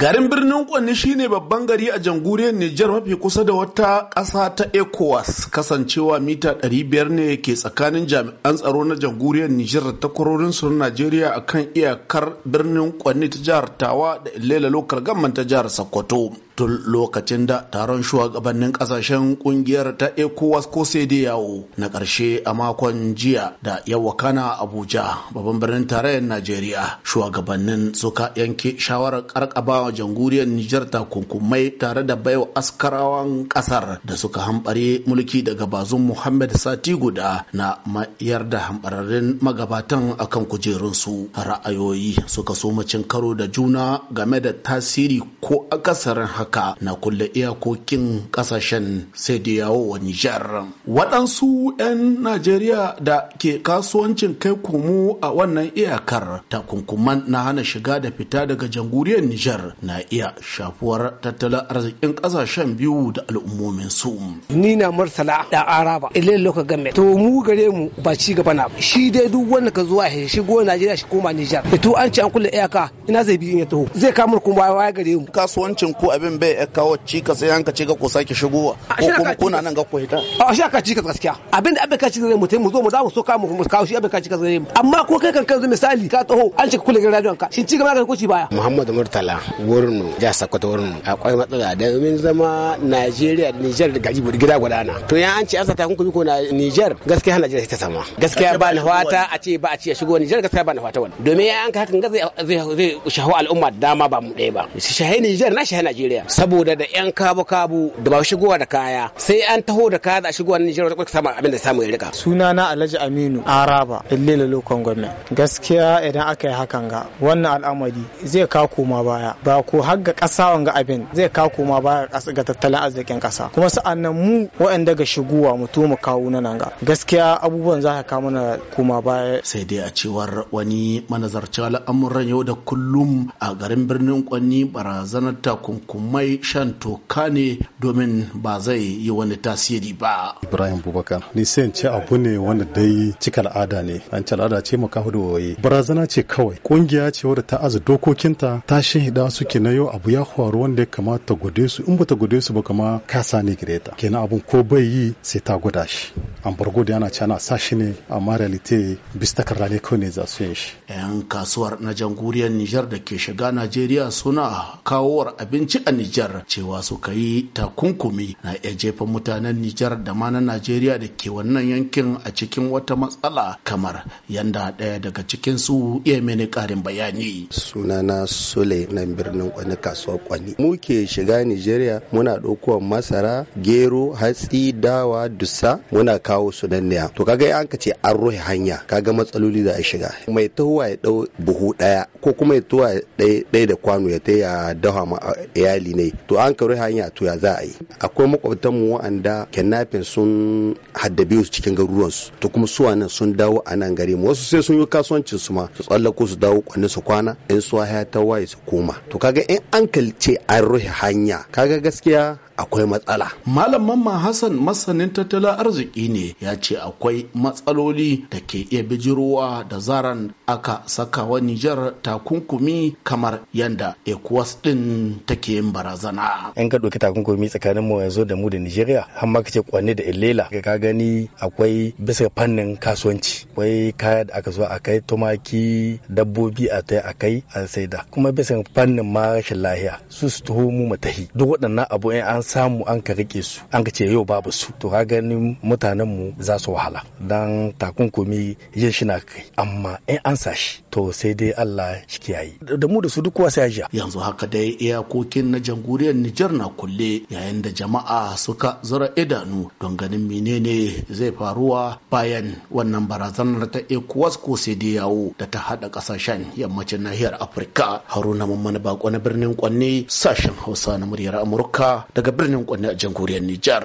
Garin birnin Kwanni shine babban gari a jamhuriyar Nijar mafi kusa da wata ƙasa ta ECOWAS kasancewa mita 500 ne ke tsakanin jami'an tsaro na jamhuriyar Nijar da takwarorin su Najeriya a kan iyakar birnin Kwanni ta jihar Tawa da Ilela lokar gamman ta jihar Sokoto. Tun lokacin da taron shugabannin kasashen kungiyar ta ECOWAS ko sai da yawo na ƙarshe a makon jiya da yawakana Abuja babban birnin tarayyar Najeriya shugabannin suka yanke shawarar karkaba wa jamhuriyar Nijar takunkumai tare da baiwa askarawan kasar da suka hambare mulki daga bazun Muhammad Sati guda na mayar da hambararren magabatan akan kujerunsu ra'ayoyi suka so macin karo da juna game da tasiri ko akasarin haka na kulle iyakokin kasashen sai da yawo wa Nijar. Waɗansu 'yan Najeriya da ke kasuwancin kai komo a wannan iyakar takunkuman na hana shiga da fita daga jamhuriyar Nijar na iya shafuwar tattalin arzikin kasashen biyu da al'ummomin su. Ni na Murtala da Araba ilin loka gamme. To mu gare mu ba ci gaba na shi dai duk wanda ka zuwa ya shigo Najeriya shi koma Nijar. E to an ci an kulle iyaka ina zai bi in ya taho zai kama kuma waya gare mu. Kasuwancin ko abin bai kawo ka sai hanka ka ka ko sake shigowa ko kuma kuna nan ga ku hita. A shi aka ka gaskiya abin da abin ka ci cikas mu mu zo mu za mu so kamu mu kawo shi abin ka cikas mu. Amma ko kai kan kai misali ka taho an ci ka gare radio ka shin ci gaba ka ko ci baya. Muhammad Murtala wurin jihar Sokoto wurin akwai matsala domin zama Najeriya da Niger da gaji gida gudana to ya an ce an sata takunkumi ko Niger gaskiya Najeriya ta sama gaskiya ba na fata a ce ba a ce shigo Niger gaskiya ba na fata wannan domin ya an ka hakan ga zai zai shahu al'umma da dama ba mu ɗaya ba shi shahe Niger na shahe Najeriya saboda da yan kabu kabu da ba shigowa da kaya sai an taho da kaya da shigowa Niger da kuka sama abin da samu ya rika sunana Alhaji Aminu Araba illila lokon gwamnati gaskiya idan aka yi hakan ga wannan al'amari zai kawo koma baya ba ko har ga ƙasa wanga abin zai kawo koma ba ga tattalin arzikin kasa kuma sa'annan mu waɗanda ga shiguwa mu to mu kawo na nan ga gaskiya abubuwan za ka kawo mana koma baya sai dai a cewar wani manazarci al'amuran yau da kullum a garin birnin kwanni barazanar takunkumai shan toka ne domin ba zai yi wani tasiri ba ibrahim bubakar ni sai ce abu ne wanda dai cika al'ada ne an ce al'ada ce kawo da waye barazana ce kawai kungiya ce wadda ta aza dokokinta ta shahida su na yau abu ya faru wanda ya kamata gode su in bata gode su ba kama kasa ne gare ta kenan abun ko bai yi sai ta gwada shi an bar gode ana cana sa shi ne amma realite bista karra ne kawai ne za su yin shi yan kasuwar na janguriyar Nijar da ke shiga Najeriya suna kawowar abinci a Nijar cewa su yi takunkumi na iya jefa mutanen Nijar da ma na Najeriya da ke wannan yankin a cikin wata matsala kamar yanda daya daga cikin su iya mini karin bayani sunana Sule Nambir birnin kwani kasuwar kwani muke shiga nigeria muna ɗauko masara gero hatsi dawa dusa muna kawo su nan ne to kaga an ka ce an ruhe hanya kaga matsaloli za a shiga mai tahowa ya dau buhu daya ko kuma ya tuwa ɗaya da kwano ya taya dawa ma iyali ne to an ka ruhe hanya to ya za a yi akwai makwabtan mu wa'anda kidnapping sun haddabe su cikin garuruwan su to kuma su nan sun dawo a nan gare mu wasu sai sun yi kasuwancin su ma su tsallako su dawo kwanne su kwana in su ya ta waye su koma to kaga in an kalce an rufe hanya kaga gaskiya akwai matsala malam mamman hassan masanin tattalin arziki ne ya ce akwai matsaloli da ke iya bijirowa da zaran aka saka wa nijar takunkumi kamar yadda ecowas din take yin barazana in ka ɗauki takunkumi tsakanin mu yanzu da mu da Nijeriya. har ma ce kwanne da Ilela. ka gani akwai bisa fannin kasuwanci akwai kaya da aka zo a kai tumaki dabbobi a tai a kai an saida kuma bisa fannin ma rashin lahiya su su taho mu matahi duk waɗannan abu in an samu an ka rike su an ka ce yau babu su to ka ganin mutanen mu za su wahala dan takunkumi yin shi na kai amma in an sa shi to sai dai Allah shi kiyaye da mu da su duk kowa sai ajiya yanzu haka dai iyakokin na jamhuriyar Nijar na kulle yayin da jama'a suka zura idanu don ganin menene zai faruwa bayan wannan barazanar ta ECOWAS ko sai dai yawo da ta hada kasashen yammacin nahiyar Afirka Haruna Mamman Bako na birnin Kwanne sashen Hausa na muryar Amurka daga birnin kwanne a jamhuriyar Nijar.